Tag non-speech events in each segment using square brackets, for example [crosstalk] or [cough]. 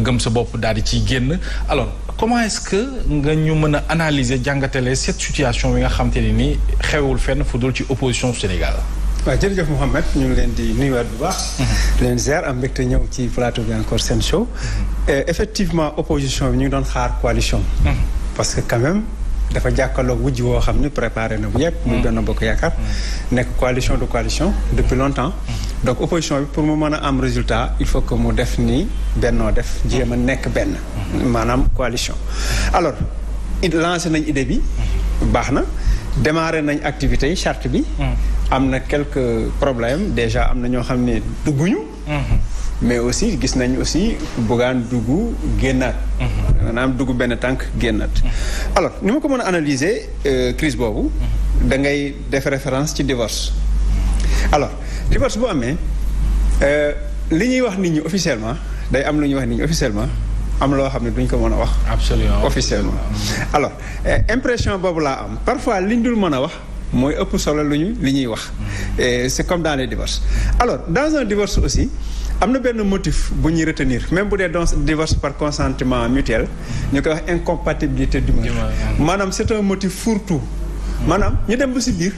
gëm sa bopp daal di ci génn alors comment est-ce que nga ñu mën a analyser jàngatale cette situation bi nga xam te ne nii xewul fenn fu dul ci opposition Sénégal. waaw jërëjëf Mouhamed ñu ngi leen di nuyuwaat bu baax. Mhm. di leen ziar am mbégte ñëw ci plateau bi encore seen show. Mhm. effectivement opposition bi ñu ngi doon xaar coalition. Mhm. parce que quand même. dafa jàkkaarloog wujj woo xam ni préparé na bu yëpp. muy benn bokk yaakaar. nekk coalition de coalition depuis longtemps. donc opposition bi pour mu mën a am résultat il faut que mu def ni bennoo def jéem a nekk benn maanaam coalition alors lancé nañ idée bi baax na démarré nañ activité yi bi mm-hmm. am na quelque problème déjà am na ñoo xam ne dugguñu mm-hmm. mais aussi gis nañ aussi buggaan dugg génnaat mm-hmm. maanaam dugg benn tànk génnaat alors ni ma ko mën a analyser euh, crise boobu da ngay def référence ci divorce divorce bu amee euh, li ñuy wax nit ñi officiellement day am lu ñuy wax nit ñi officiellement am loo xam ne duñ ko mën a wax. absolument officiellement. alors euh, impression boobu laa am parfois ñu dul mën a wax mooy ëpp solo lu ñu li ñuy wax. et c'est comme dans les divorces alors dans un divorce aussi. am na benn motif bu ñuy retenir même bu dee don divorce par consentement mutuel ñu koy wax incompatibilité d'humeur maanaam c'est un motif fourre-tout maanaam ñu dem ba si biir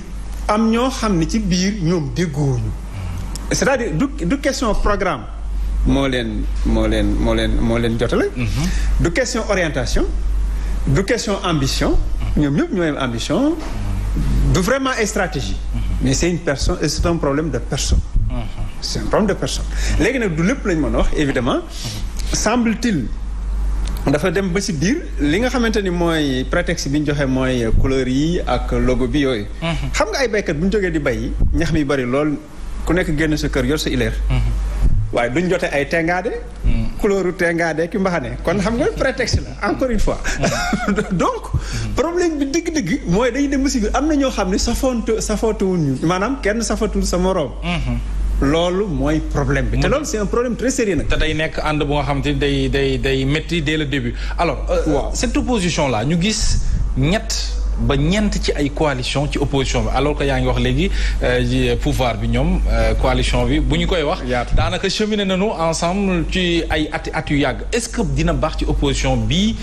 am ñoo xam ne ci biir ñoom déggoowuñu c'est-à-dire du du question programme moo leen moo leen moo leen moo leen jotale mhm. du question orientation du question ambition mhm. ñoom ñëpp ñooy ambition du vraiment ay stratégie mhm. mais c'est une personne et c'est un problème de personne c'est un de personne léegi nag du lépp lañ mën a wax évidemment semble-t-il dafa dem ba ci biir li nga xamante ni mooy prétexte bi ñu joxe mooy couleur yi ak logo bi yooyu xam nga ay baykat bu ñu di bay ñax mi bari lool ku nekk génn sa kër yor sa ileer mm-hmm. waaye du jote ay tengaade mm-hmm. couleur tengaade ki mbaxane kon xam nga prétexte la encore une fois mm-hmm. [laughs] donc problème bi dëgg-dëgg mooy day dem musique am na ñoo xam ne safoontu safootuwuñ ñu maanaam kenn safootul sa moroom loolu mooy problème bi. te loolu c'est un problème très sérieux nag. te day nekk ànd bu nga xam te day day day métti dès le début alors. Euh, waaw cette position laa ñu gis ñett. ba ñeent ci ay coalition ci opposition bi alors que yaa ngi wax léegi euh, euh, pouvoir bi ñoom euh, coalition bi bu ñu koy wax daanaka cheminer nañu ensemble ci ay at at yu yàgg est-ce que dina baax ci opposition bi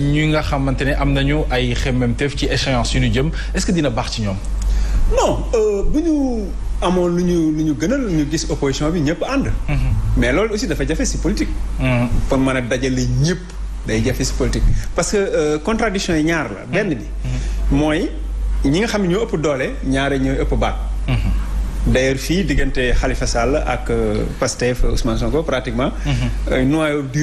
ñu nga xamante ne am nañu ay xemmemteef ci échéance yu ñu jëm est-ce que dina baax ci ñoom non bu ñu amoon lu ñu lu ñu gënal ñu gis opposition bi ñëpp ànd mhm. mais loolu aussi dafa jafe si politique mhm. mën a dajale ñëpp day jafe si politique parce que contradiction yi ñaar la benn bi mooy ñi nga xam ne ñoo ëpp doole ñaare ñooy ëpp baat. d'ailleurs fii diggante xalifa Sall ak euh, Pastef Ousmane Sonko pratiquement. Mhm. Euh, noyau dur.